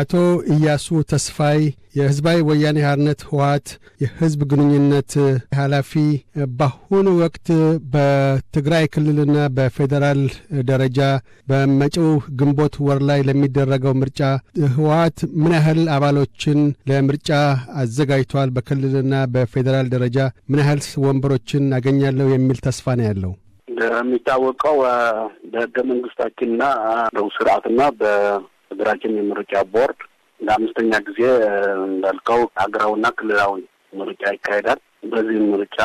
አቶ ኢያሱ ተስፋይ የህዝባዊ ወያኔ ሓርነት ህወሓት የህዝብ ግንኙነት ኃላፊ፣ በአሁኑ ወቅት በትግራይ ክልልና በፌዴራል ደረጃ በመጪው ግንቦት ወር ላይ ለሚደረገው ምርጫ ህወሓት ምን ያህል አባሎችን ለምርጫ አዘጋጅቷል? በክልልና በፌዴራል ደረጃ ምን ያህል ወንበሮችን አገኛለሁ የሚል ተስፋ ነው ያለው? እንደሚታወቀው በህገ መንግስታችንና በው ሀገራችን የምርጫ ቦርድ ለአምስተኛ ጊዜ እንዳልከው ሀገራዊና ክልላዊ ምርጫ ይካሄዳል። በዚህ ምርጫ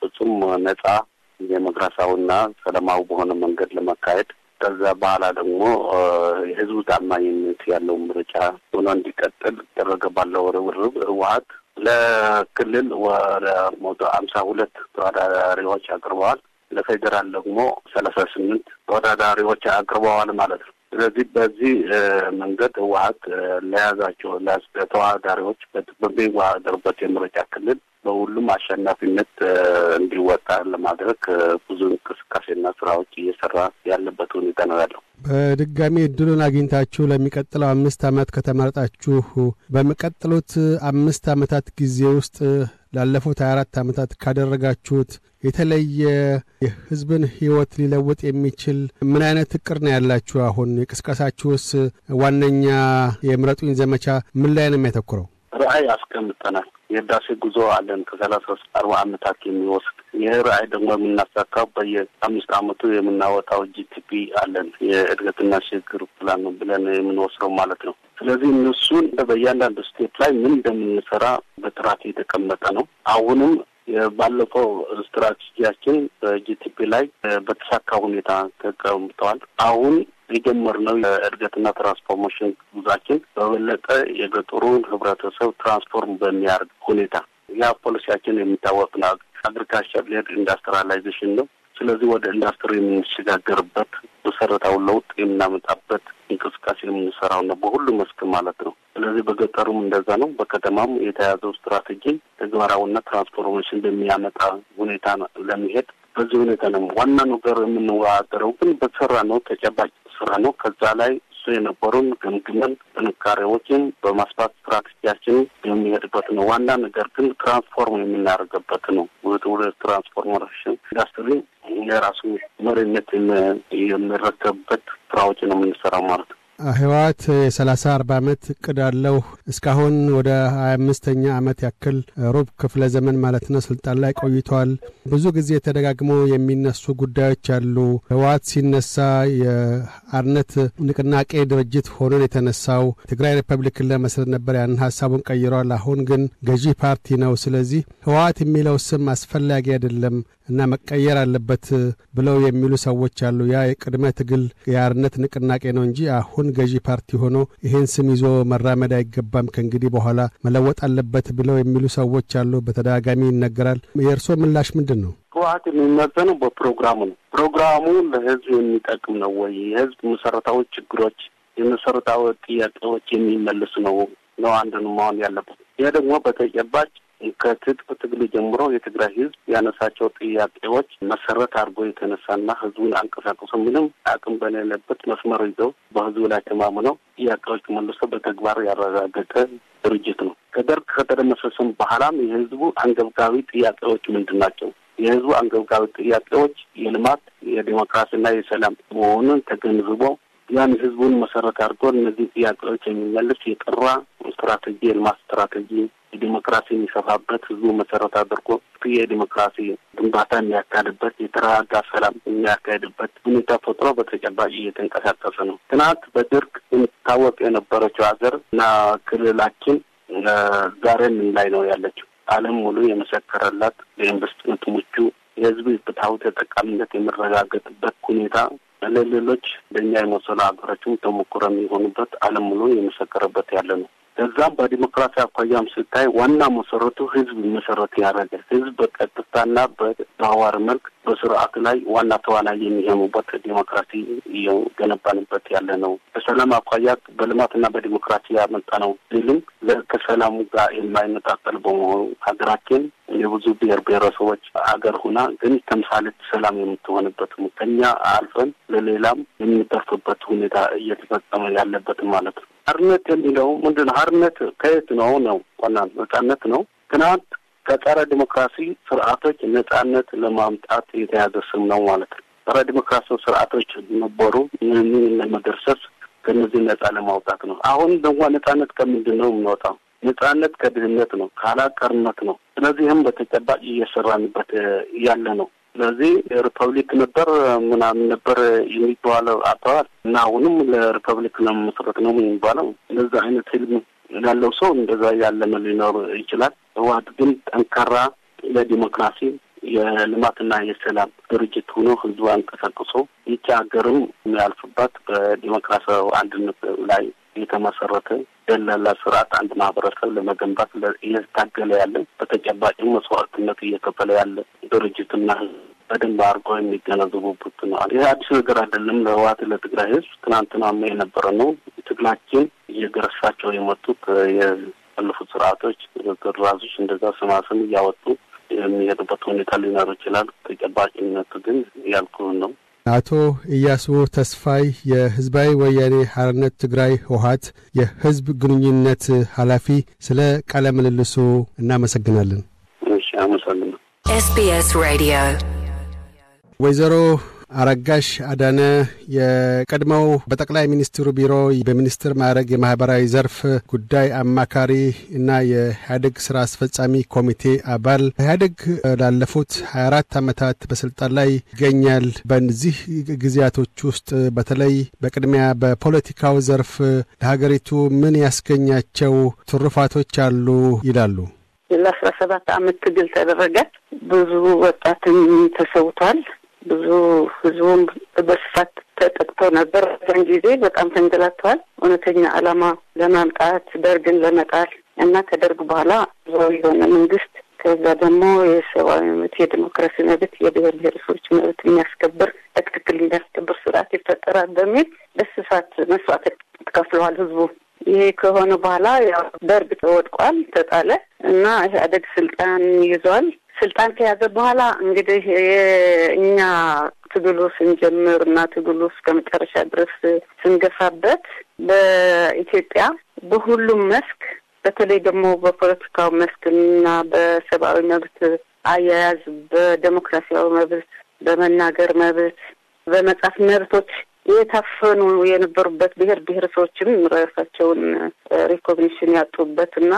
ፍጹም ነጻ ዴሞክራሲያዊና ሰላማዊ በሆነ መንገድ ለመካሄድ ከዛ በኋላ ደግሞ የህዝቡ ታማኝነት ያለው ምርጫ ሆኖ እንዲቀጥል ደረገ ባለው ርብርብ ህወሀት ለክልል ወደ መቶ ሀምሳ ሁለት ተወዳዳሪዎች አቅርበዋል። ለፌዴራል ደግሞ ሰላሳ ስምንት ተወዳዳሪዎች አቅርበዋል ማለት ነው። ስለዚህ በዚህ መንገድ ህወሀት ለያዛቸው ለተወዳዳሪዎች በሚወዳደሩበት የምርጫ ክልል በሁሉም አሸናፊነት እንዲወጣ ለማድረግ ብዙ እንቅስቃሴና ስራዎች እየሰራ ያለበት ሁኔታ ነው ያለው። በድጋሚ እድሉን አግኝታችሁ ለሚቀጥለው አምስት ዓመት ከተመረጣችሁ በሚቀጥሉት አምስት ዓመታት ጊዜ ውስጥ ላለፉት ሀያ አራት ዓመታት ካደረጋችሁት የተለየ የህዝብን ህይወት ሊለውጥ የሚችል ምን አይነት እቅር ነው ያላችሁ? አሁን የቅስቀሳችሁስ ዋነኛ የምረጡኝ ዘመቻ ምን ላይ ነው የሚያተኩረው? ራዕይ አስቀምጠናል። የህዳሴ ጉዞ አለን ከሰላሳ እስከ አርባ ዓመታት የሚወስድ ይህ ራዕይ ደግሞ የምናሳካው በየአምስት ዓመቱ የምናወጣው ጂቲፒ አለን የእድገትና ሽግግር ፕላን ነው ብለን የምንወስደው ማለት ነው። ስለዚህ እነሱን በእያንዳንዱ ስቴት ላይ ምን እንደምንሰራ በጥራት የተቀመጠ ነው። አሁንም ባለፈው ስትራቴጂያችን በጂቲፒ ላይ በተሳካ ሁኔታ ተቀምጠዋል። አሁን የጀመርነው የእድገትና ትራንስፎርሜሽን ጉዛችን በበለጠ የገጠሩን ህብረተሰብ ትራንስፎርም በሚያርግ ሁኔታ ያ ፖሊሲያችን የሚታወቅ ነው። አግሪካልቸር ሌድ ኢንዱስትሪላይዜሽን ነው። ስለዚህ ወደ ኢንዱስትሪ የምንሸጋገርበት መሰረታዊ ለውጥ የምናመጣበት እንቅስቃሴ የምንሰራው ነው፣ በሁሉ መስክ ማለት ነው። ስለዚህ በገጠሩም እንደዛ ነው። በከተማም የተያዘው ስትራቴጂ ተግባራዊና ትራንስፎርሜሽን በሚያመጣ ሁኔታ ለመሄድ በዚህ ሁኔታ ነው። ዋና ነገር የምንወዳደረው ግን በሰራ ነው፣ ተጨባጭ ስራ ነው። ከዛ ላይ እሱ የነበሩን ግምግመን ጥንካሬዎችን በማስፋት ስትራቴጂያችን የሚሄድበት ነው። ዋና ነገር ግን ትራንስፎርም የምናደርገበት ነው። ወደ ትራንስፎርሜሽን ኢንዱስትሪ የራሱ መሪነት የሚረከብበት ስራዎች ነው የምንሰራው ማለት ነው። ህወሓት የሰላሳ አርባ ዓመት እቅድ አለው። እስካሁን ወደ ሀያ አምስተኛ ዓመት ያክል ሩብ ክፍለ ዘመን ማለት ነው ስልጣን ላይ ቆይቷል። ብዙ ጊዜ ተደጋግሞ የሚነሱ ጉዳዮች አሉ። ህወሓት ሲነሳ የአርነት ንቅናቄ ድርጅት ሆኖን የተነሳው ትግራይ ሪፐብሊክን ለመስረት ነበር። ያንን ሀሳቡን ቀይሯል። አሁን ግን ገዢ ፓርቲ ነው። ስለዚህ ህወሓት የሚለው ስም አስፈላጊ አይደለም እና መቀየር አለበት ብለው የሚሉ ሰዎች አሉ። ያ የቅድመ ትግል የአርነት ንቅናቄ ነው እንጂ አሁን አሁን ገዢ ፓርቲ ሆኖ ይህን ስም ይዞ መራመድ አይገባም፣ ከእንግዲህ በኋላ መለወጥ አለበት ብለው የሚሉ ሰዎች አሉ። በተደጋጋሚ ይነገራል። የእርስዎ ምላሽ ምንድን ነው? ህወሀት የሚመዘነው በፕሮግራሙ ነው። ፕሮግራሙ ለህዝብ የሚጠቅም ነው ወይ? የህዝብ መሰረታዊ ችግሮች፣ የመሰረታዊ ጥያቄዎች የሚመልስ ነው ነው አንድን መሆን ያለበት። ይህ ደግሞ በተጨባጭ ከትጥቅ ትግል ጀምሮ የትግራይ ህዝብ ያነሳቸው ጥያቄዎች መሰረት አድርጎ የተነሳና ህዝቡን አንቀሳቀሱ ምንም አቅም በሌለበት መስመር ይዘው በህዝቡ ላይ ተማምነው ጥያቄዎች መልሶ በተግባር ያረጋገጠ ድርጅት ነው። ከደርግ ከተደመሰሰም በኋላም የህዝቡ አንገብጋቢ ጥያቄዎች ምንድን ናቸው? የህዝቡ አንገብጋቢ ጥያቄዎች የልማት የዲሞክራሲና የሰላም መሆኑን ተገንዝቦ ያን ህዝቡን መሰረት አድርጎ እነዚህ ጥያቄዎች የሚመልስ የጠራ ስትራቴጂ የልማት ስትራቴጂ ዲሞክራሲ የሚሰፋበት ህዝቡ መሰረት አድርጎ የዲሞክራሲ ግንባታ የሚያካሄድበት የተረጋጋ ሰላም የሚያካሄድበት ሁኔታ ፈጥሮ በተጨባጭ እየተንቀሳቀሰ ነው። ትናንት በድርቅ የምታወቅ የነበረችው ሀገር እና ክልላችን ዛሬ ምን ላይ ነው ያለችው? ዓለም ሙሉ የመሰከረላት ለኢንቨስትመንት ምቹ የህዝብ ፍትሐዊ ተጠቃሚነት የሚረጋገጥበት ሁኔታ ለሌሎች ለእኛ የመሰሉ ሀገሮችም ተሞክሮ የሚሆኑበት ዓለም ሙሉ የመሰከረበት ያለ ነው። ከዛም በዲሞክራሲ አኳያም ስታይ ዋና መሰረቱ ህዝብ መሰረት ያደረገ ህዝብ በቀጥታና በተዋዋር መልክ በስርዓቱ ላይ ዋና ተዋናይ የሚሆኑበት ዲሞክራሲ እየገነባንበት ያለ ነው። በሰላም አኳያ በልማትና በዲሞክራሲ ያመጣ ነው ልልም ከሰላሙ ጋር የማይመጣጠል በመሆኑ ሀገራችን የብዙ ብሔር ብሔረሰቦች ሀገር ሁና ግን ተምሳሌት ሰላም የምትሆንበት ከኛ አልፈን ለሌላም የምንጠርፍበት ሁኔታ እየተፈጸመ ያለበት ማለት ነው። ሀርነት የሚለው ምንድን ነው? ሀርነት ከየት ነው ነው? ቆና ነጻነት ነው። ትናንት ከጸረ ዲሞክራሲ ስርዓቶች ነጻነት ለማምጣት የተያዘ ስም ነው ማለት ነው። ጸረ ዲሞክራሲ ስርዓቶች ነበሩ። ምን ለመደርሰስ ከነዚህ ነጻ ለማውጣት ነው። አሁን ደግሞ ነጻነት ከምንድን ነው የምንወጣው? ነጻነት ከድህነት ነው፣ ካላቀርነት ነው። ስለዚህም በተጨባጭ እየሰራንበት ያለ ነው። ስለዚህ ሪፐብሊክ ነበር ምናምን ነበር የሚባለው አባባል እና አሁንም ለሪፐብሊክ ነው መስረት ነው የሚባለው እንደዛ አይነት ህልም ያለው ሰው እንደዛ ያለመ ሊኖር ይችላል። ህወሓት ግን ጠንካራ ለዲሞክራሲ የልማትና የሰላም ድርጅት ሆኖ ህዝቡ አንቀሳቅሶ ይቺ ሀገርም የሚያልፍባት በዲሞክራሲያዊ አንድነት ላይ የተመሰረተ ደላላ ስርዓት አንድ ማህበረሰብ ለመገንባት እየታገለ ያለ በተጨባጭ መስዋዕትነት እየከፈለ ያለ ድርጅትና ህዝብ በደንብ አድርጎ የሚገነዘቡበት ነው። ይህ አዲስ ነገር አይደለም። ለህወሓት ለትግራይ ህዝብ ትናንትናማ የነበረ ነው። ትግላችን እየገረሳቸው የመጡት ያለፉት ስርዓቶች ራዞች እንደዛ ስማስም እያወጡ የሚሄዱበት ሁኔታ ሊኖር ይችላል። ተጨባጭነቱ ግን ያልኩህ ነው። አቶ ኢያሱ ተስፋይ የህዝባዊ ወያኔ ሐርነት ትግራይ ህወሀት የህዝብ ግንኙነት ኃላፊ፣ ስለ ቃለ ምልልሱ እናመሰግናለን። ኤስቢኤስ ሬዲዮ ወይዘሮ አረጋሽ አዳነ የቀድሞው በጠቅላይ ሚኒስትሩ ቢሮ በሚኒስትር ማዕረግ የማህበራዊ ዘርፍ ጉዳይ አማካሪ እና የኢህአዴግ ስራ አስፈጻሚ ኮሚቴ አባል ኢህአዴግ ላለፉት 24 ዓመታት በስልጣን ላይ ይገኛል። በዚህ ጊዜያቶች ውስጥ በተለይ በቅድሚያ በፖለቲካው ዘርፍ ለሀገሪቱ ምን ያስገኛቸው ትሩፋቶች አሉ ይላሉ? ለአስራ ሰባት አመት ትግል ተደረገ። ብዙ ወጣትም ተሰውቷል። ህዝቡም በስፋት ተጠቅቶ ነበር። በዛን ጊዜ በጣም ተንገላተዋል። እውነተኛ ዓላማ ለማምጣት ደርግን ለመጣል እና ከደርግ በኋላ ዞው የሆነ መንግስት ከዛ ደግሞ የሰብአዊ መብት፣ የዲሞክራሲ መብት፣ የብሔር ብሔረሰቦች መብት የሚያስከብር በትክክል የሚያስከብር ስርዓት ይፈጠራል በሚል በስፋት መስዋዕት ተከፍለዋል ህዝቡ። ይሄ ከሆነ በኋላ ያው ደርግ ተወድቋል፣ ተጣለ እና ኢህአዴግ ስልጣን ይዟል። ስልጣን ከያዘ በኋላ እንግዲህ የእኛ ትግሉ ስንጀምር እና ትግሉ እስከ መጨረሻ ድረስ ስንገፋበት በኢትዮጵያ በሁሉም መስክ በተለይ ደግሞ በፖለቲካው እና በሰብአዊ መብት አያያዝ፣ በዴሞክራሲያዊ መብት፣ በመናገር መብት፣ በመጻፍ መብቶች የታፈኑ የነበሩበት ብሔር ብሔረሰቦችም ራሳቸውን ሪኮግኒሽን ያጡበት እና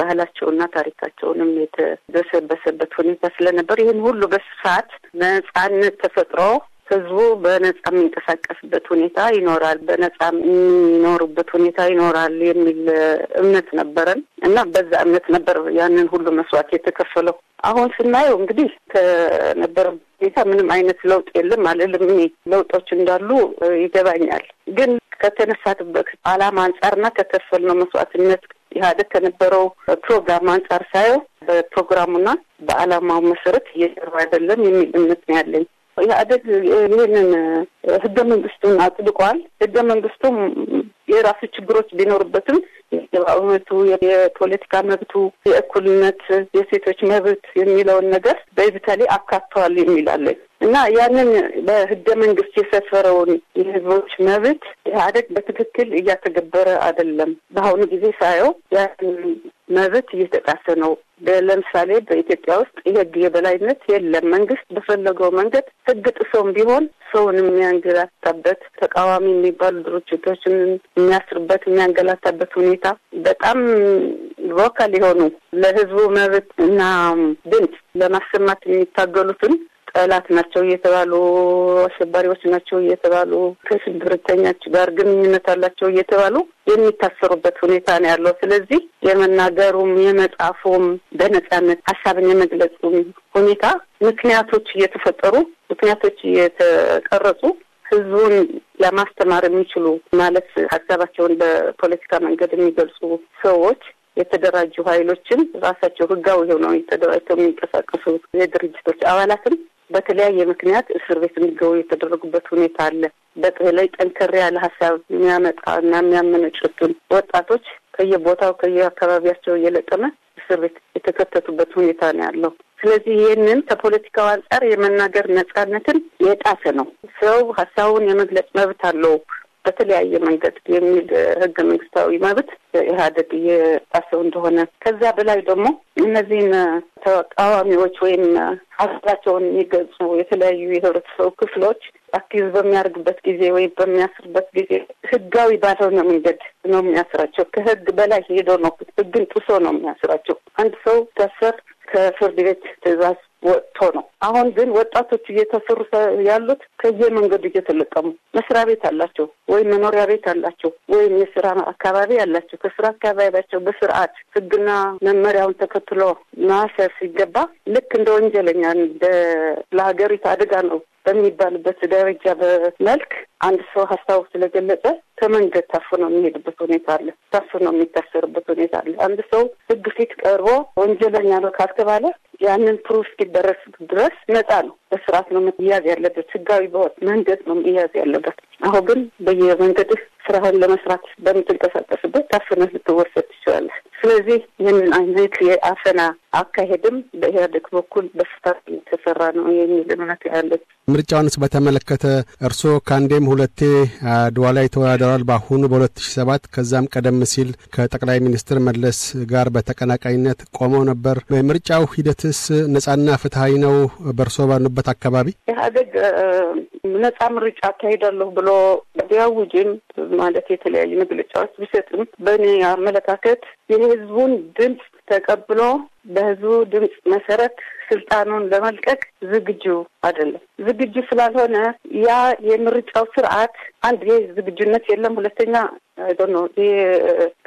ባህላቸውና ታሪካቸውንም የተደሰበሰበት ሁኔታ ስለነበር ይህን ሁሉ በስፋት ነጻነት ተፈጥሮ ህዝቡ በነጻ የሚንቀሳቀስበት ሁኔታ ይኖራል፣ በነጻ የሚኖሩበት ሁኔታ ይኖራል የሚል እምነት ነበረን እና በዛ እምነት ነበር ያንን ሁሉ መስዋዕት የተከፈለው። አሁን ስናየው እንግዲህ ከነበረ ሁኔታ ምንም አይነት ለውጥ የለም አልልም። እኔ ለውጦች እንዳሉ ይገባኛል። ግን ከተነሳትበት አላማ አንጻርና ከከፈልነው መስዋዕትነት ኢህአዴግ ከነበረው ፕሮግራም አንጻር ሳየው በፕሮግራሙና በአላማው መሰረት እየሰሩ አይደለም የሚል እምነት ነው ያለኝ። ኢህአዴግ ይህንን ህገ መንግስቱን አጽድቋል። ህገ መንግስቱም የራሱ ችግሮች ቢኖሩበትም የሰብአዊ መብቱ፣ የፖለቲካ መብቱ፣ የእኩልነት፣ የሴቶች መብት የሚለውን ነገር በይብተሌ አካተዋል የሚላለን እና ያንን በህገ መንግስት የሰፈረውን የህዝቦች መብት ኢህአዴግ በትክክል እያተገበረ አይደለም። በአሁኑ ጊዜ ሳየው ያንን መብት እየተጣሰ ነው ለምሳሌ በኢትዮጵያ ውስጥ የህግ የበላይነት የለም። መንግስት በፈለገው መንገድ ህግ ጥሰውም ቢሆን ሰውን የሚያንገላታበት ተቃዋሚ የሚባሉ ድርጅቶችን የሚያስርበት የሚያንገላታበት ሁኔታ በጣም ቮካል የሆኑ ለህዝቡ መብት እና ድምፅ ለማሰማት የሚታገሉትን ጠላት ናቸው እየተባሉ አሸባሪዎች ናቸው እየተባሉ ከሽብርተኞች ጋር ግንኙነት አላቸው እየተባሉ የሚታሰሩበት ሁኔታ ነው ያለው። ስለዚህ የመናገሩም የመጻፉም በነጻነት ሀሳብን የመግለጹም ሁኔታ ምክንያቶች እየተፈጠሩ ምክንያቶች እየተቀረጹ ህዝቡን ለማስተማር የሚችሉ ማለት ሀሳባቸውን በፖለቲካ መንገድ የሚገልጹ ሰዎች የተደራጁ ኃይሎችን ራሳቸው ህጋዊ ሆነው የተደራጅተው የሚንቀሳቀሱ የድርጅቶች አባላትም በተለያየ ምክንያት እስር ቤት እንዲገቡ የተደረጉበት ሁኔታ አለ። በተለይ ጠንከር ያለ ሀሳብ የሚያመጣ እና የሚያመነጭቱን ወጣቶች ከየቦታው ከየአካባቢያቸው እየለቀመ እስር ቤት የተከተቱበት ሁኔታ ነው ያለው። ስለዚህ ይህንን ከፖለቲካው አንጻር የመናገር ነጻነትን የጣሰ ነው። ሰው ሀሳቡን የመግለጽ መብት አለው። በተለያየ መንገድ የሚል ህገ መንግስታዊ መብት ኢህአዴግ እየጣሰው እንደሆነ ከዛ በላይ ደግሞ እነዚህን ተቃዋሚዎች ወይም ሀሳባቸውን የሚገልጹ የተለያዩ የህብረተሰቡ ክፍሎች አክቲቭ በሚያደርግበት ጊዜ ወይም በሚያስርበት ጊዜ ህጋዊ ባልሆነ መንገድ ነው የሚያስራቸው። ከህግ በላይ ሄዶ ነው ህግን ጥሶ ነው የሚያስራቸው። አንድ ሰው ታሰር ከፍርድ ቤት ትእዛዝ ወጥቶ ነው። አሁን ግን ወጣቶች እየተሰሩ ያሉት ከየመንገዱ እየተለቀሙ መስሪያ ቤት አላቸው ወይም መኖሪያ ቤት አላቸው ወይም የስራ አካባቢ አላቸው። ከስራ አካባቢያቸው በስርዓት ህግና መመሪያውን ተከትሎ ማሰር ሲገባ ልክ እንደ ወንጀለኛ ለሀገሪቱ አደጋ ነው በሚባልበት ደረጃ በመልክ አንድ ሰው ሀሳቡ ስለገለጸ ከመንገድ ታፍኖ የሚሄድበት ሁኔታ አለ። ነው የሚታሰርበት ሁኔታ አለ። አንድ ሰው ህግ ፊት ቀርቦ ወንጀለኛ ነው ካልተባለ ያንን ፕሩፍ እስኪደረስ ድረስ ነጻ ነው። በስርዓት ነው መያዝ ያለበት፣ ህጋዊ በሆነ መንገድ ነው መያዝ ያለበት። አሁን ግን በየመንገድህ ስራህን ለመስራት በምትንቀሳቀስበት ታፍነህ ልትወሰድ ትችላለህ። ስለዚህ ይህንን አይነት የአፈና አካሄድም በኢህአዴግ በኩል በስፋት የተሰራ ነው የሚል እምነት ያለን። ምርጫውንስ በተመለከተ እርስዎ ከአንዴም ሁለቴ አድዋ ላይ ተወዳድረዋል። በአሁኑ በሁለት ሺ ሰባት ከዛም ቀደም ሲል ከጠቅላይ ሚኒስትር መለስ ጋር በተቀናቃኝነት ቆመው ነበር። በምርጫው ሂደትስ ነጻና ፍትሀዊ ነው በእርስዎ ባሉበት አካባቢ? ኢህአዴግ ነጻ ምርጫ አካሄዳለሁ ብሎ ቢያውጅን ማለት የተለያዩ መግለጫዎች ቢሰጥም በእኔ አመለካከት የህዝቡን ድምፅ ተቀብሎ በህዝቡ ድምፅ መሰረት ስልጣኑን ለመልቀቅ ዝግጁ አይደለም። ዝግጁ ስላልሆነ ያ የምርጫው ስርዓት አንድ ዝግጁነት የለም። ሁለተኛ ነ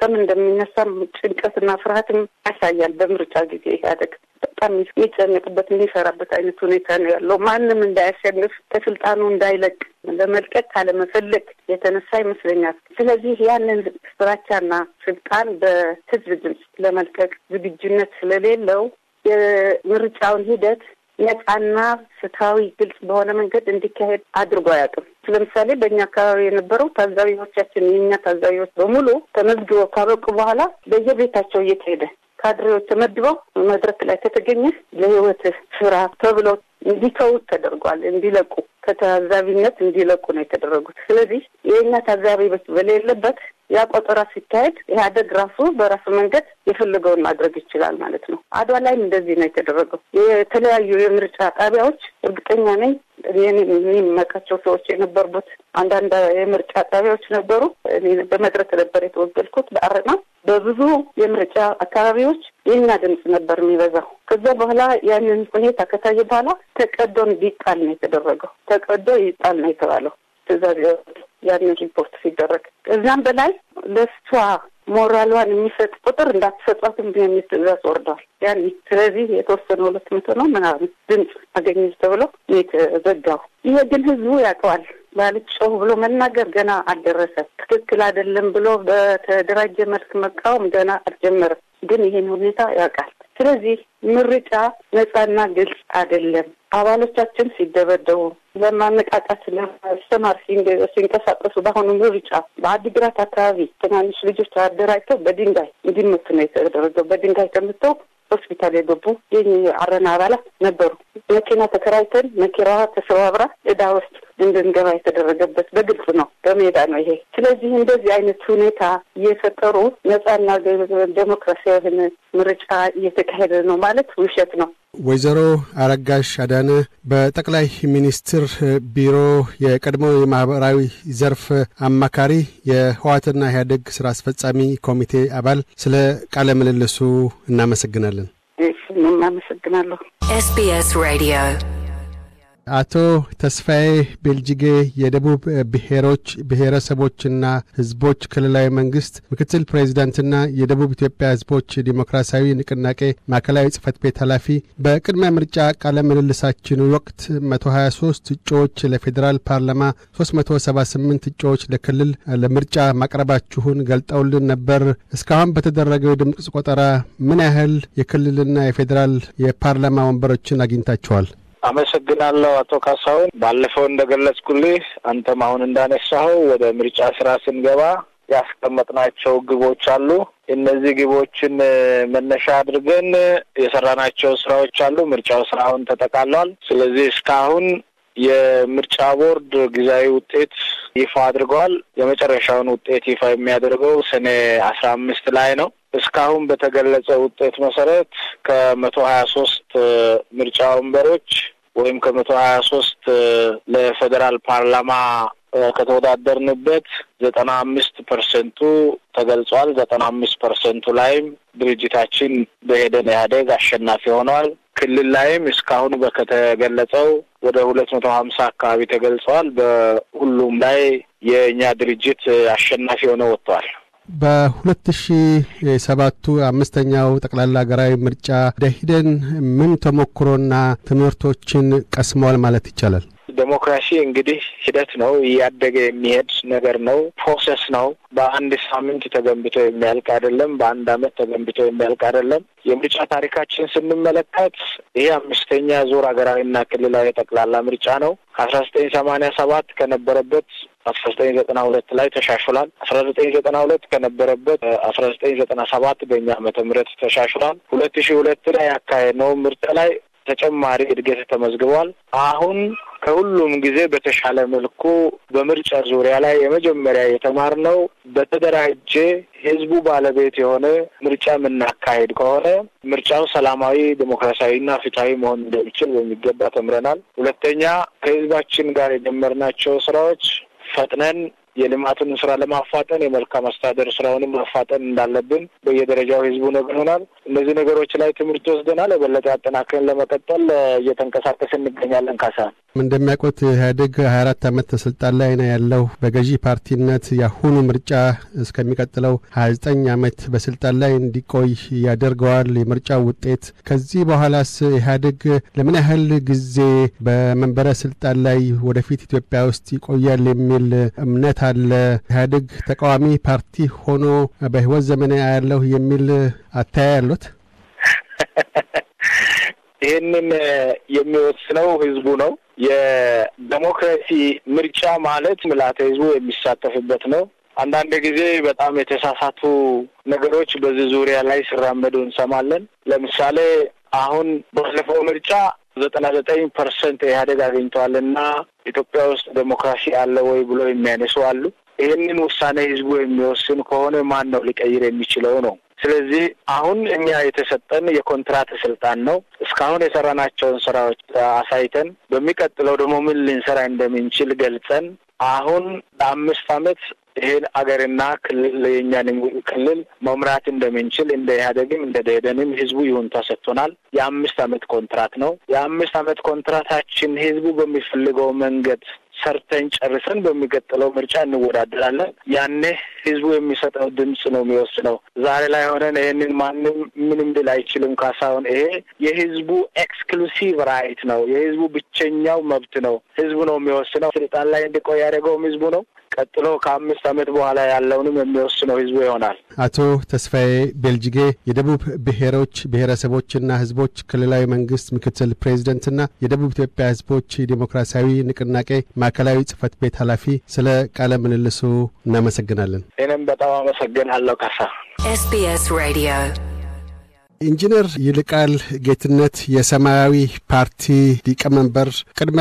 ከምን እንደሚነሳም ጭንቀትና ፍርሃትም ያሳያል። በምርጫ ጊዜ ኢህአዴግ በጣም የሚጨነቅበት የሚሰራበት አይነት ሁኔታ ነው ያለው። ማንም እንዳያሸንፍ ከስልጣኑ እንዳይለቅ ለመልቀቅ ካለመፈለግ የተነሳ ይመስለኛል። ስለዚህ ያንን ስራቻና ስልጣን በህዝብ ድምፅ ለመልቀቅ ዝግጁነት ስለሌለው የምርጫውን ሂደት ነጻና ፍትሐዊ ግልጽ በሆነ መንገድ እንዲካሄድ አድርጎ አያውቅም። ለምሳሌ በእኛ አካባቢ የነበረው ታዛቢዎቻችን የእኛ ታዛቢዎች በሙሉ ተመዝግበው ካበቁ በኋላ በየቤታቸው እየተሄደ ካድሬዎች ተመድበው መድረክ ላይ ከተገኘ ለህይወት ስራ ተብሎ እንዲተውት ተደርጓል። እንዲለቁ ከታዛቢነት እንዲለቁ ነው የተደረጉት። ስለዚህ የእኛ ታዛቢ በሌለበት ያ ቆጠራ ሲካሄድ ኢህአዴግ ራሱ በራሱ መንገድ የፈለገውን ማድረግ ይችላል ማለት ነው። አድዋ ላይም እንደዚህ ነው የተደረገው። የተለያዩ የምርጫ ጣቢያዎች እርግጠኛ ነኝ የሚመቃቸው ሰዎች የነበሩበት አንዳንድ የምርጫ ጣቢያዎች ነበሩ። በመድረክ ነበር የተወገድኩት በአረና በብዙ የምርጫ አካባቢዎች የእኛ ድምፅ ነበር የሚበዛው። ከዛ በኋላ ያንን ሁኔታ ከታየ በኋላ ተቀዶን ቢጣል ነው የተደረገው። ተቀዶ ይጣል ነው የተባለው ትእዛዝ ያንን ሪፖርት ሲደረግ ከዚያም በላይ ለሷ ሞራሏን የሚሰጥ ቁጥር እንዳትሰጧትም የሚል ትእዛዝ ወርዷል። ያን ስለዚህ የተወሰነ ሁለት መቶ ነው ምናምን ድምፅ አገኘች ተብሎ የተዘጋው ይሄ ግን ህዝቡ ያውቀዋል። ባልጮህ ብሎ መናገር ገና አልደረሰ። ትክክል አይደለም ብሎ በተደራጀ መልክ መቃወም ገና አልጀመረም። ግን ይህን ሁኔታ ያውቃል። ስለዚህ ምርጫ ነፃና ግልጽ አይደለም። አባሎቻችን ሲደበደቡ ለማነቃቃት ለማስተማር ሲንቀሳቀሱ በአሁኑ ምርጫ በአዲግራት አካባቢ ትናንሽ ልጆች አደራጅተው በድንጋይ እንዲመቱ ነው የተደረገው። በድንጋይ ከምተው ሆስፒታል የገቡ የኝ አረና አባላት ነበሩ። መኪና ተከራይተን መኪናዋ ተሰባብራ እዳ ውስጥ እንድንገባ የተደረገበት በግልጽ ነው፣ በሜዳ ነው ይሄ። ስለዚህ እንደዚህ አይነት ሁኔታ እየፈጠሩ ነጻና ዴሞክራሲያዊ ምርጫ እየተካሄደ ነው ማለት ውሸት ነው። ወይዘሮ አረጋሽ አዳነ በጠቅላይ ሚኒስትር ቢሮ የቀድሞ የማህበራዊ ዘርፍ አማካሪ፣ የህዋትና ኢህአዴግ ስራ አስፈጻሚ ኮሚቴ አባል፣ ስለ ቃለ ምልልሱ እናመሰግናለን። እናመሰግናለሁ። ኤስቢኤስ ሬዲዮ አቶ ተስፋዬ ቤልጅጌ የደቡብ ብሔሮች ብሔረሰቦችና ህዝቦች ክልላዊ መንግስት ምክትል ፕሬዚዳንትና የደቡብ ኢትዮጵያ ህዝቦች ዲሞክራሲያዊ ንቅናቄ ማዕከላዊ ጽህፈት ቤት ኃላፊ፣ በቅድመ ምርጫ ቃለ ምልልሳችን ወቅት 123 እጩዎች ለፌዴራል ፓርላማ፣ 378 እጩዎች ለክልል ለምርጫ ማቅረባችሁን ገልጠውልን ነበር። እስካሁን በተደረገው ድምፅ ቆጠራ ምን ያህል የክልልና የፌዴራል የፓርላማ ወንበሮችን አግኝታችኋል? አመሰግናለሁ አቶ ካሳሁን። ባለፈው እንደገለጽኩልህ አንተም አሁን እንዳነሳኸው ወደ ምርጫ ስራ ስንገባ ያስቀመጥናቸው ግቦች አሉ። እነዚህ ግቦችን መነሻ አድርገን የሰራናቸው ስራዎች አሉ። ምርጫው ስራውን ተጠቃሏል። ስለዚህ እስካሁን የምርጫ ቦርድ ጊዜያዊ ውጤት ይፋ አድርገዋል። የመጨረሻውን ውጤት ይፋ የሚያደርገው ሰኔ አስራ አምስት ላይ ነው። እስካሁን በተገለጸ ውጤት መሰረት ከመቶ ሀያ ሶስት ምርጫ ወንበሮች ወይም ከመቶ ሀያ ሶስት ለፌዴራል ፓርላማ ከተወዳደርንበት ዘጠና አምስት ፐርሰንቱ ተገልጿል። ዘጠና አምስት ፐርሰንቱ ላይም ድርጅታችን በሄደን ኢህአዴግ አሸናፊ ሆኗል። ክልል ላይም እስካሁን በከተገለጸው ወደ ሁለት መቶ ሀምሳ አካባቢ ተገልጸዋል። በሁሉም ላይ የእኛ ድርጅት አሸናፊ ሆነ ወጥቷል። በ2007ቱ አምስተኛው ጠቅላላ ሀገራዊ ምርጫ ደሂደን ምን ተሞክሮና ትምህርቶችን ቀስመዋል ማለት ይቻላል? ዴሞክራሲ እንግዲህ ሂደት ነው፣ እያደገ የሚሄድ ነገር ነው፣ ፕሮሰስ ነው። በአንድ ሳምንት ተገንብቶ የሚያልቅ አይደለም። በአንድ አመት ተገንብቶ የሚያልቅ አይደለም። የምርጫ ታሪካችን ስንመለከት ይሄ አምስተኛ ዙር ሀገራዊና ክልላዊ ጠቅላላ ምርጫ ነው። አስራ ዘጠኝ ሰማንያ ሰባት ከነበረበት አስራ ዘጠኝ ዘጠና ሁለት ላይ ተሻሽሏል። አስራ ዘጠኝ ዘጠና ሁለት ከነበረበት አስራ ዘጠኝ ዘጠና ሰባት በእኛ አመተ ምህረት ተሻሽሏል። ሁለት ሺ ሁለት ላይ ያካሄድነው ምርጫ ላይ ተጨማሪ እድገት ተመዝግቧል። አሁን ከሁሉም ጊዜ በተሻለ መልኩ በምርጫ ዙሪያ ላይ የመጀመሪያ የተማርነው በተደራጀ ህዝቡ ባለቤት የሆነ ምርጫ የምናካሄድ ከሆነ ምርጫው ሰላማዊ፣ ዴሞክራሲያዊና ፍትሐዊ መሆን እንደሚችል በሚገባ ተምረናል። ሁለተኛ ከህዝባችን ጋር የጀመርናቸው ስራዎች ፈጥነን የልማትን ስራ ለማፋጠን የመልካም አስተዳደር ስራውንም ማፋጠን እንዳለብን በየደረጃው ህዝቡ ነግሮናል። እነዚህ ነገሮች ላይ ትምህርት ወስደናል። የበለጠ አጠናክረን ለመቀጠል እየተንቀሳቀስ እንገኛለን። ካሳ እንደሚያውቁት ኢህአዴግ ሀያ አራት ዓመት ስልጣን ላይ ነው ያለው በገዢ ፓርቲነት ያሁኑ ምርጫ እስከሚቀጥለው ሀያ ዘጠኝ ዓመት በስልጣን ላይ እንዲቆይ ያደርገዋል የምርጫው ውጤት። ከዚህ በኋላስ ኢህአዴግ ለምን ያህል ጊዜ በመንበረ ስልጣን ላይ ወደፊት ኢትዮጵያ ውስጥ ይቆያል የሚል እምነት አለ? ኢህአዴግ ተቃዋሚ ፓርቲ ሆኖ በህይወት ዘመን ያለሁ የሚል አታያ ያሉት? ይህንን የሚወስነው ህዝቡ ነው። የዴሞክራሲ ምርጫ ማለት ምላተ ህዝቡ የሚሳተፍበት ነው። አንዳንድ ጊዜ በጣም የተሳሳቱ ነገሮች በዚህ ዙሪያ ላይ ሲራመዱ እንሰማለን። ለምሳሌ አሁን ባለፈው ምርጫ ዘጠና ዘጠኝ ፐርሰንት ኢህአዴግ አግኝተዋል እና ኢትዮጵያ ውስጥ ዴሞክራሲ አለ ወይ ብሎ የሚያነሱ አሉ። ይህንን ውሳኔ ህዝቡ የሚወስን ከሆነ ማን ነው ሊቀይር የሚችለው ነው? ስለዚህ አሁን እኛ የተሰጠን የኮንትራት ስልጣን ነው። እስካሁን የሰራናቸውን ስራዎች አሳይተን በሚቀጥለው ደግሞ ምን ልንሰራ እንደምንችል ገልጸን አሁን ለአምስት አመት ይህን አገርና ክልል የእኛን ክልል መምራት እንደምንችል እንደ ኢህአዴግም እንደ ደኢህዴንም ህዝቡ ይሁንታ ሰጥቶናል። የአምስት ዓመት ኮንትራት ነው። የአምስት ዓመት ኮንትራታችን ህዝቡ በሚፈልገው መንገድ ሰርተን ጨርሰን በሚቀጥለው ምርጫ እንወዳደራለን ያኔ ህዝቡ የሚሰጠው ድምፅ ነው የሚወስነው። ዛሬ ላይ ሆነን ይህንን ማንም ምንም ልል አይችልም። ካሳሁን፣ ይሄ የህዝቡ ኤክስክሉሲቭ ራይት ነው፣ የህዝቡ ብቸኛው መብት ነው። ህዝቡ ነው የሚወስነው። ስልጣን ላይ እንዲቆይ ያደረገውም ህዝቡ ነው። ቀጥሎ ከአምስት ዓመት በኋላ ያለውንም የሚወስነው ህዝቡ ይሆናል። አቶ ተስፋዬ ቤልጅጌ የደቡብ ብሔሮች ብሔረሰቦችና ህዝቦች ክልላዊ መንግስት ምክትል ፕሬዚደንትና የደቡብ ኢትዮጵያ ህዝቦች ዲሞክራሲያዊ ንቅናቄ ማዕከላዊ ጽህፈት ቤት ኃላፊ ስለ ቃለ ምልልሱ እናመሰግናለን። En embataban a salir a la casa. SBS Radio. ኢንጂነር ይልቃል ጌትነት የሰማያዊ ፓርቲ ሊቀመንበር፣ ቅድመ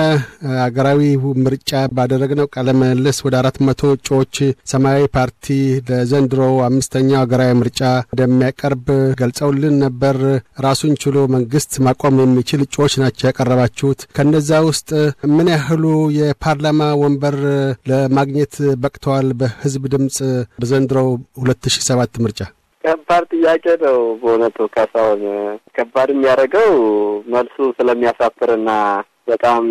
አገራዊ ምርጫ ባደረግነው ቃለ ምልልስ ወደ አራት መቶ እጩዎች ሰማያዊ ፓርቲ ለዘንድሮ አምስተኛው አገራዊ ምርጫ እንደሚያቀርብ ገልጸውልን ነበር። ራሱን ችሎ መንግስት ማቆም የሚችል እጩዎች ናቸው ያቀረባችሁት። ከነዛ ውስጥ ምን ያህሉ የፓርላማ ወንበር ለማግኘት በቅተዋል? በህዝብ ድምፅ በዘንድሮው 207 ምርጫ ከባድ ጥያቄ ነው በእውነቱ ካሳሁን። ከባድ የሚያደርገው መልሱ ስለሚያሳፍርና በጣም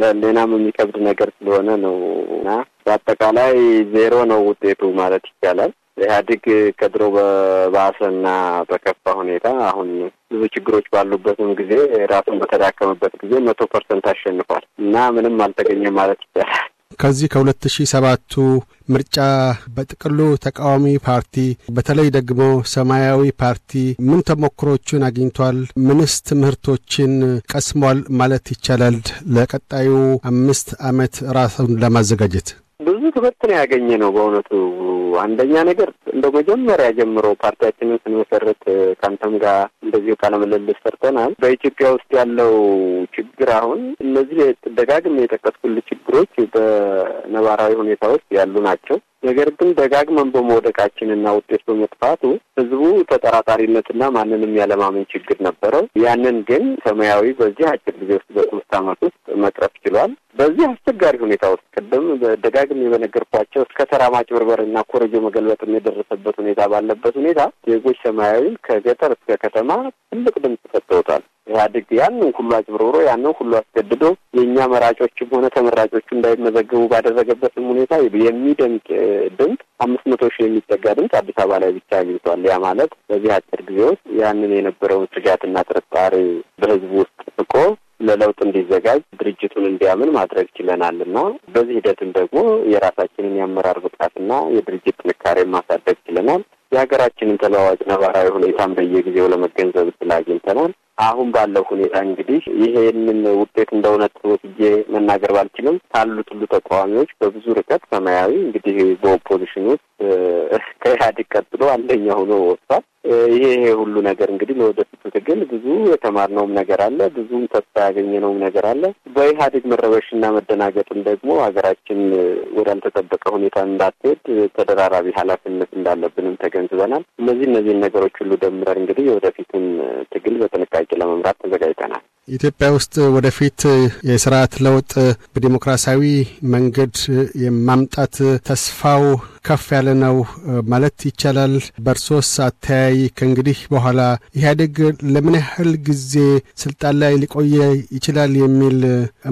ለሌናም የሚከብድ ነገር ስለሆነ ነው እና በአጠቃላይ ዜሮ ነው ውጤቱ ማለት ይቻላል። ኢህአዲግ ከድሮ በባሰና በከፋ ሁኔታ አሁን ብዙ ችግሮች ባሉበትም ጊዜ ራሱን በተዳከመበት ጊዜ መቶ ፐርሰንት አሸንፏል እና ምንም አልተገኘ ማለት ይቻላል። ከዚህ ከ 2007 ምርጫ በጥቅሉ ተቃዋሚ ፓርቲ በተለይ ደግሞ ሰማያዊ ፓርቲ ምን ተሞክሮቹን አግኝቷል? ምንስ ትምህርቶችን ቀስሟል ማለት ይቻላል? ለቀጣዩ አምስት ዓመት ራሱን ለማዘጋጀት ብዙ ትምህርት ነው ያገኘ ነው በእውነቱ አንደኛ ነገር እንደ መጀመሪያ ጀምሮ ፓርቲያችንን ስንመሰረት ከአንተም ጋር እንደዚሁ ቃለ ምልልስ ሰርተናል። በኢትዮጵያ ውስጥ ያለው ችግር አሁን እነዚህ ደጋግም የጠቀስኩልህ ችግሮች በነባራዊ ሁኔታዎች ያሉ ናቸው። ነገር ግን ደጋግመን በመውደቃችንና ውጤት በመጥፋቱ ህዝቡ ተጠራጣሪነትና ማንንም ያለማመን ችግር ነበረው። ያንን ግን ሰማያዊ በዚህ አጭር ጊዜ ውስጥ በሶስት አመት ውስጥ መቅረፍ ችሏል። በዚህ አስቸጋሪ ሁኔታ ውስጥ ቅድም ደጋግሜ በነገርኳቸው እስከ ተራ ማጭበርበርና ኮረጆ መገልበጥም የደረሰበት ሁኔታ ባለበት ሁኔታ ዜጎች ሰማያዊ ከገጠር እስከ ከተማ ትልቅ ድምፅ ሰጥተውታል። ኢህአዴግ ያንን ሁሉ አጭብርብሮ ያንን ሁሉ አስገድዶ የእኛ መራጮችም ሆነ ተመራጮቹ እንዳይመዘገቡ ባደረገበትም ሁኔታ የሚደምቅ ድምፅ አምስት መቶ ሺህ የሚጠጋ ድምፅ አዲስ አበባ ላይ ብቻ አግኝቷል። ያ ማለት በዚህ አጭር ጊዜ ውስጥ ያንን የነበረውን ስጋትና ጥርጣሬ በህዝቡ ውስጥ ጥቆ ለለውጥ እንዲዘጋጅ ድርጅቱን እንዲያምን ማድረግ ችለናል እና በዚህ ሂደትም ደግሞ የራሳችንን የአመራር ብቃትና የድርጅት ጥንካሬ ማሳደግ ችለናል። የሀገራችንን ተለዋዋጭ ነባራዊ ሁኔታም በየጊዜው ለመገንዘብ እድል አግኝተናል። አሁን ባለው ሁኔታ እንግዲህ ይሄንን ውጤት እንደ እውነት ወስጄ መናገር ባልችልም ካሉት ሁሉ ተቃዋሚዎች በብዙ ርቀት ሰማያዊ እንግዲህ በኦፖዚሽን ውስጥ ከኢህአዴግ ቀጥሎ አንደኛ ሆኖ ወጥቷል። ይሄ ሁሉ ነገር እንግዲህ ለወደፊቱ ትግል ብዙ የተማርነውም ነገር አለ፣ ብዙም ተስፋ ያገኘነውም ነገር አለ። በኢህአዴግ መረበሽና መደናገጥም ደግሞ ሀገራችን ወዳልተጠበቀ ሁኔታ እንዳትሄድ ተደራራቢ ኃላፊነት እንዳለብንም ተገንዝበናል። እነዚህ እነዚህን ነገሮች ሁሉ ደምረን እንግዲህ የወደፊቱን ትግል በጥንቃ ጥያቄ ለመምራት ተዘጋጅተናል። ኢትዮጵያ ውስጥ ወደፊት የስርዓት ለውጥ በዲሞክራሲያዊ መንገድ የማምጣት ተስፋው ከፍ ያለ ነው ማለት ይቻላል። በእርሶስ አተያይ ከእንግዲህ በኋላ ኢህአዴግ ለምን ያህል ጊዜ ስልጣን ላይ ሊቆየ ይችላል የሚል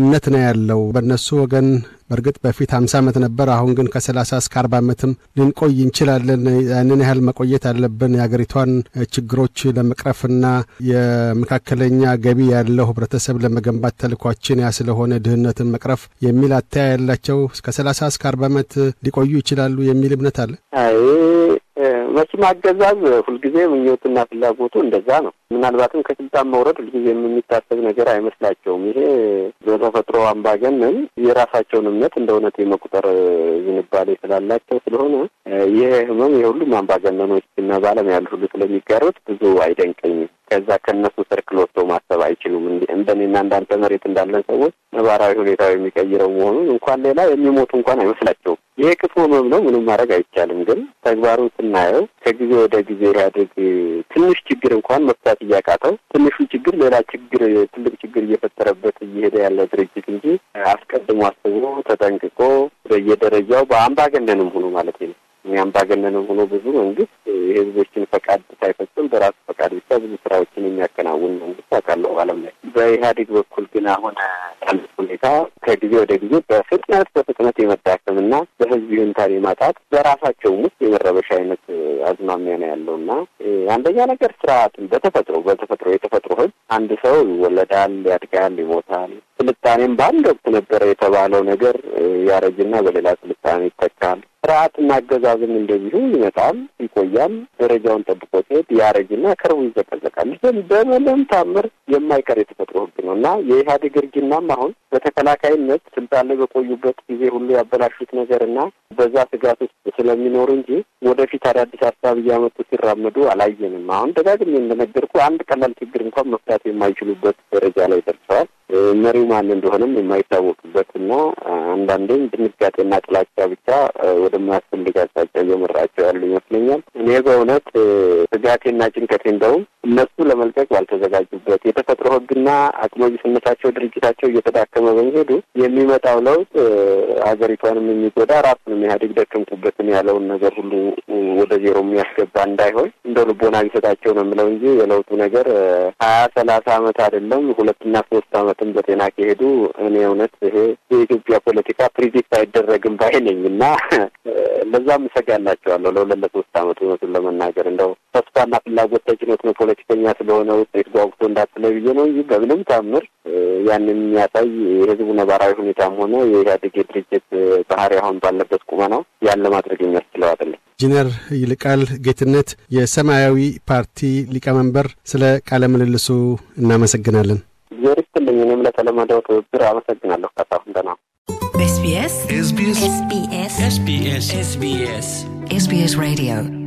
እምነት ነው ያለው በእነሱ ወገን በእርግጥ በፊት ሀምሳ ዓመት ነበር። አሁን ግን ከሰላሳ እስከ አርባ ዓመትም ልንቆይ እንችላለን። ያንን ያህል መቆየት አለብን። የአገሪቷን ችግሮች ለመቅረፍና የመካከለኛ ገቢ ያለው ህብረተሰብ ለመገንባት ተልኳችን ያ ስለሆነ ድህነትን መቅረፍ የሚል አተያ ያላቸው እስከ ሰላሳ እስከ አርባ ዓመት ሊቆዩ ይችላሉ የሚል እምነት አለ። መቼም አገዛዝ ሁልጊዜ ምኞትና ፍላጎቱ እንደዛ ነው። ምናልባትም ከስልጣን መውረድ ሁልጊዜም የሚታሰብ ነገር አይመስላቸውም። ይሄ በተፈጥሮ አምባገነን የራሳቸውን እምነት እንደ እውነት የመቁጠር ዝንባሌ ስላላቸው ስለሆነ ይሄ ህመም የሁሉም አምባገነኖች እና ባለሙያ ሁሉ ስለሚጋሩት ብዙ አይደንቀኝም። ከዛ ከነሱ ሰርክል ወጥቶ ማሰብ አይችሉም። እንደኔና እንዳንተ መሬት እንዳለን ሰዎች ነባራዊ ሁኔታው የሚቀይረው መሆኑን እንኳን ሌላ የሚሞቱ እንኳን አይመስላቸውም። ይሄ ክፉ ህመም ነው፣ ምንም ማድረግ አይቻልም። ግን ተግባሩ ስናየው ከጊዜ ወደ ጊዜ ኢህአዴግ ትንሽ ችግር እንኳን መፍታት እያቃተው ትንሹ ችግር ሌላ ችግር ትልቅ ችግር እየፈጠረበት እየሄደ ያለ ድርጅት እንጂ አስቀድሞ አስቦ ተጠንቅቆ በየደረጃው በአምባገነንም ሆኖ ማለት ነው አምባገነንም ሆኖ ብዙ መንግስት የህዝቦችን ፈቃድ ሳይፈ በራሱ ፈቃድ ብቻ ብዙ ስራዎችን የሚያከናውን መንግስት አውቃለሁ ዓለም ላይ። በኢህአዴግ በኩል ግን አሁን ያለ ሁኔታ ከጊዜ ወደ ጊዜ በፍጥነት በፍጥነት የመዳከምና በህዝብ ይሁንታን የማጣት በራሳቸው ውስጥ የመረበሻ አይነት አዝማሚያ ነው ያለው እና አንደኛ ነገር ስርዓትን በተፈጥሮ በተፈጥሮ የተፈጥሮ ህዝብ አንድ ሰው ይወለዳል፣ ያድጋል፣ ይሞታል። ስልጣኔም በአንድ ወቅት ነበረ የተባለው ነገር ያረጅና በሌላ ስልጣኔ ይተካል። ስርዓትና አገዛዝም እንደዚሁ ይመጣል፣ ይቆያል፣ ደረጃውን ጠብቆ ሲሄድ ያረጅና ከርቡ ይዘቀዘቃል። ግን በምንም ታምር የማይቀር የተፈጥሮ ህግ ነው እና የኢህአዴግ እርጅናም አሁን በተከላካይነት ስልጣን ላይ በቆዩበት ጊዜ ሁሉ ያበላሹት ነገር እና በዛ ስጋት ውስጥ ስለሚኖሩ እንጂ ወደፊት አዳዲስ ሀሳብ እያመጡ ሲራመዱ አላየንም። አሁን ደጋግሜ እንደነገርኩ አንድ ቀላል ችግር እንኳን መፍታት የማይችሉበት ደረጃ ላይ ደርሰዋል። መሪው ማን እንደሆነም እና አንዳንዴም ድንጋጤና ጥላቻ ብቻ ወደማያስፈልግ አቅጣጫ እየመራቸው ያሉ ይመስለኛል። እኔ በእውነት ስጋቴና ጭንቀቴ እንደውም እነሱ ለመልቀቅ ባልተዘጋጁበት የተፈጥሮ ሕግና አቅመ ቢስነታቸው ድርጅታቸው እየተዳከመ በመሄዱ የሚመጣው ለውጥ ሀገሪቷንም የሚጎዳ ራሱንም ኢህአዴግ ደከምኩበትን ያለውን ነገር ሁሉ ወደ ዜሮ የሚያስገባ እንዳይሆን እንደ ልቦና ቢሰጣቸው ነው የምለው እንጂ የለውጡ ነገር ሀያ ሰላሳ አመት አይደለም ሁለትና ሶስት አመት ትምህርትም በጤና ከሄዱ እኔ እውነት ይሄ የኢትዮጵያ ፖለቲካ ፕሪዲክት አይደረግም ባይ ነኝ እና ለዛም እሰጋላቸዋለሁ። ለሁለት ለሶስት አመት እውነቱን ለመናገር እንደው ተስፋና ፍላጎት ተጭኖት ነው ፖለቲከኛ ስለሆነ ውጤት ጓጉቶ እንዳትለይ ብዬ ነው እንጂ በምንም ታምር ያንን የሚያሳይ የህዝቡ ነባራዊ ሁኔታም ሆነ የኢህአዴግ የድርጅት ባህሪ አሁን ባለበት ቁመናው ያን ለማድረግ የሚያስችለው አይደለም። ኢንጂነር ይልቃል ጌትነት የሰማያዊ ፓርቲ ሊቀመንበር፣ ስለ ቃለ ምልልሱ እናመሰግናለን። እግዚአብሔር ይስጥልኝ። እኔም ለተለመደው ትብብር አመሰግናለሁ። ካሳሁን ደህና ኤስቢኤስ ኤስቢኤስ ኤስቢኤስ ኤስቢኤስ ኤስቢኤስ ሬዲዮ